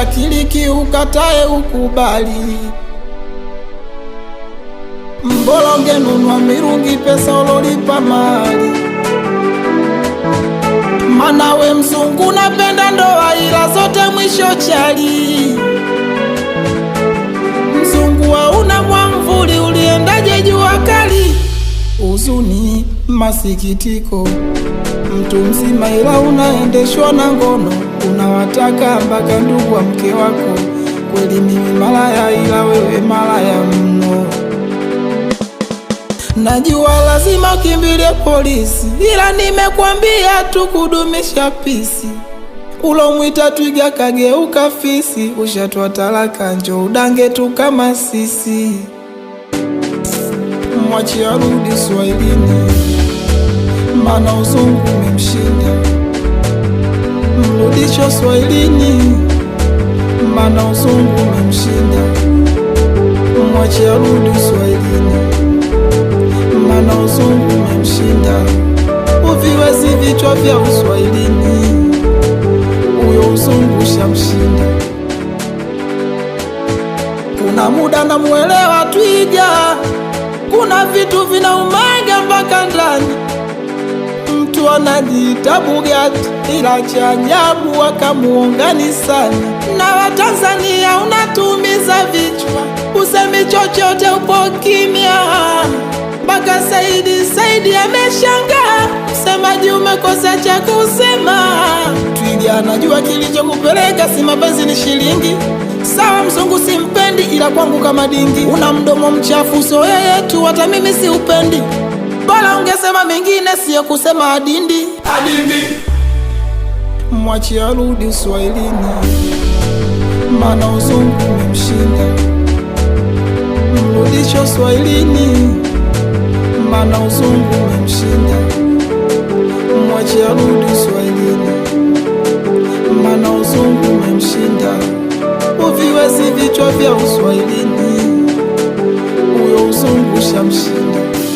akili kiukatae ukubali. Mbola ungenunua mirungi, pesa ulolipa mali. Mana we na napenda ndoa, ila zote mwisho chali. Mzungu una mwamvuli, uliendaje jua kali? Uzuni masikitiko, mtu mzima ila unaendeshwa na ngono, unawataka mpaka ndugu wa mke wako. Kweli mimi malaya, ila wewe malaya mno. Najua lazima ukimbilie polisi, ila nimekwambia tu kudumisha pisi. Ulomwita twiga kageuka fisi, ushatwa talaka, njo udange tu kama sisi. Mwachi arudi Swahilini maana uzungu umemshinda, mrudisho Swahilini, maana uzungu umemshinda, mwache arudi Uswahilini, maana uzungu umemshinda, uviwezi vichwa vya Uswahilini, uyo uzungu shamshinda. Kuna muda na mwelewa twiga, kuna vitu vinauma anajiita Bugatti, ila cha ajabu wakamuungani sana na Watanzania. Unatumiza vichwa, usemi chochote, upo kimya mpaka Saidi Saidi ameshangaa, msemaji umekosa cha kusema. Twiga anajua kilichokupeleka, si mapenzi ni shilingi Sawa mzungu simpendi, ila kwangu kama dingi. Una mdomo mchafu, so yeye tu, hata mimi siupendi. Bora ungesema mengine, sio kusema adindi adindi. Mwachi arudi uswahilini, mana uzungu umemshinda. Mrudishe uswahilini, mana uzungu umemshinda. Mwachi arudi uswahilini, mana uzungu umemshinda. Uviwezi vichwa vya uswahilini, uyo uzungu shamshinda.